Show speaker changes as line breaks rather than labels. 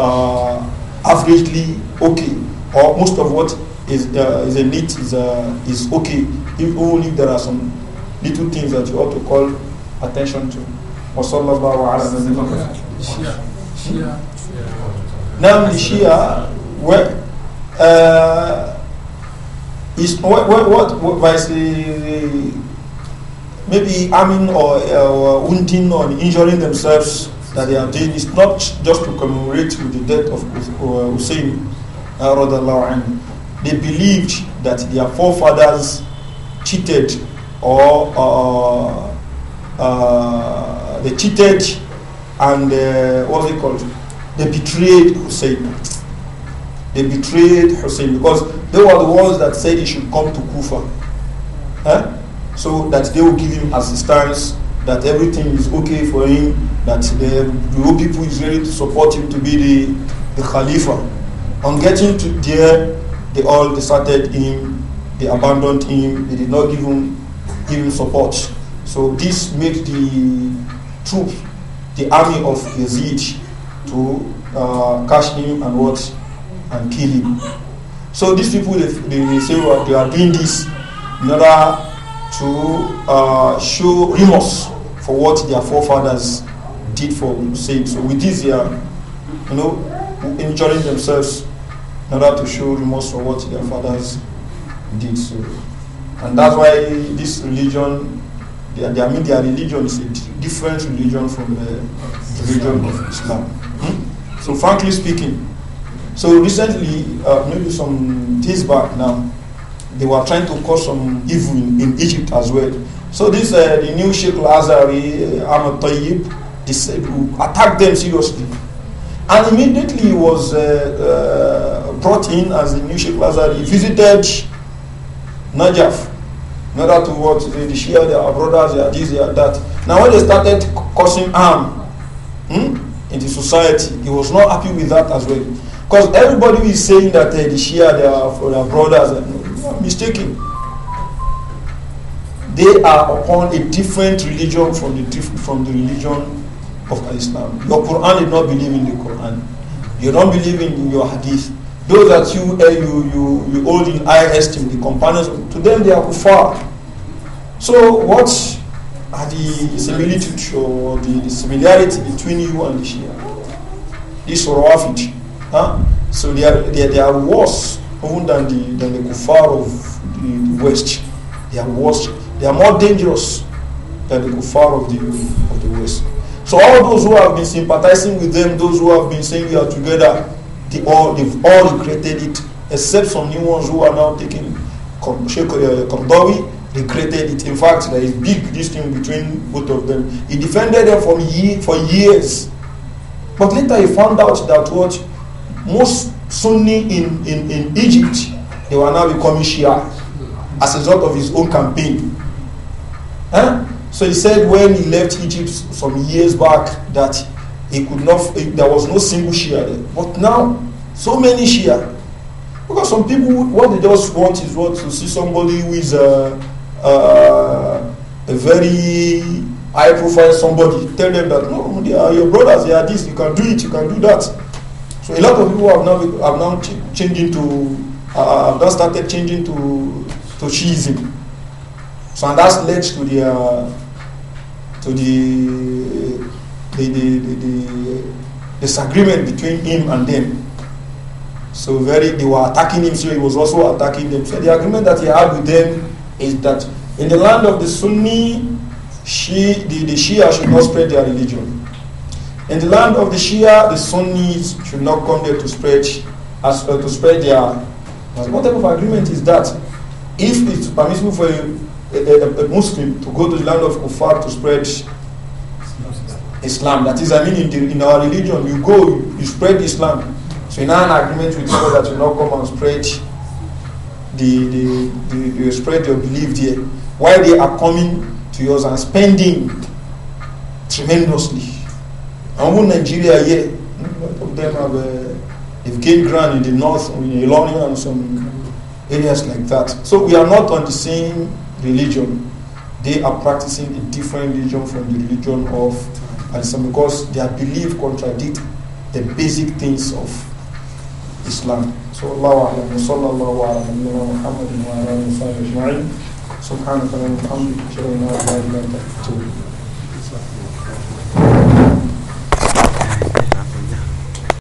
uh, averagely okay, or most of what is, uh, is need is, uh, is okay, if only there are some little things that you ought to call attention to. Now the Shia, where, uh, is, what, what, what, by say, maybe harming or, uh, or wounding or injuring themselves that they are doing is not just to commemorate with the death of uh, Hussein. Uh, they believed that their forefathers cheated or uh, uh, they cheated and uh, what's it called? They betrayed Hussein. They betrayed Hussein because they were the ones that said he should come to Kufa. Eh? So that they will give him assistance, that everything is okay for him, that the uh, people is ready to support him to be the, the Khalifa. On getting to there, they all deserted him, they abandoned him, they did not give him, give him support. So this made the troop, the army of Yazid, to uh, catch him and what? And kill him. So these people, they, they say well, they are doing this in order to uh, show remorse for what their forefathers did for sake. So with this, they are, you know, injuring themselves in order to show remorse for what their fathers did. So, and that's why this religion, they, are, they, I mean, their religion is a different religion from the religion of Islam. Hmm? So, frankly speaking, so recently, uh, maybe some days back now, they were trying to cause some evil in, in Egypt as well. So this uh, the new Sheikh Lazari uh, Ahmed attacked them seriously. And immediately he was uh, uh, brought in as the new Sheikh Lazar. He visited Najaf in order to what they, they share their brothers, their this, their that. Now when they started causing harm hmm, in the society, he was not happy with that as well. Because everybody is saying that uh, they share their, their brothers. And, uh, no, mistaken. They are upon a different religion from the, from the religion of Islam. Your Quran did not believe in the Quran. You don't believe in your hadith. Those that you uh, you, you you hold in high esteem, the companions, to them they are kuffar. So what are the similitude or the, the similarity between you and the Shia? This Rawafid. Huh? So they are, they, they are worse even than the, than the kuffar of the, the West. They are worse. They are more dangerous than the kuffar of the, of the West. So all those who have been sympathizing with them, those who have been saying we are together, they all, they've all regretted it, except some new ones who are now taking Sheikh uh, Kondawi recreated it. In fact, there is big distinction between both of them. He defended them from ye- for years. But later he found out that what most Sunni in, in, in Egypt, they were now becoming Shia as a result of his own campaign. Huh? So he said when he left Egypt some years back that he could not, there was no single Shia there. But now, so many Shia. Because some people, what they just want is what to see somebody who is a, uh, a, uh, a very high profile somebody. Tell them that, no, they are your brothers, they are this, you can do it, you can do that. So a lot of people have now, have now ch changing to, uh, have now started changing to, to Shiism. So and that's led to the uh, to the the, the, the, the disagreement between him and them. So very they were attacking him, so he was also attacking them. So the agreement that he had with them is that in the land of the Sunni, she, the, the Shia should not spread their religion. In the land of the Shia, the Sunnis should not come there to spread as uh, to spread their. What type of agreement is that? If it's permissible for you a, a, Muslim to go to the land of Kufar to spread Islam. That is, I mean, in, the, in our religion, you go, you, spread Islam. So in an agreement with you that you not come and spread the, the, the you spread your belief there. Why they are coming to yours and spending tremendously. And when Nigeria here, yeah, of them have uh, they've gained ground in the north, in Ilonia and some areas like that. So we are not on the same religion, they are practicing a different religion from the religion of Islam because their belief contradict the basic things of Islam. So Allah wa ala Muhammad wa ala alihi wa sahbihi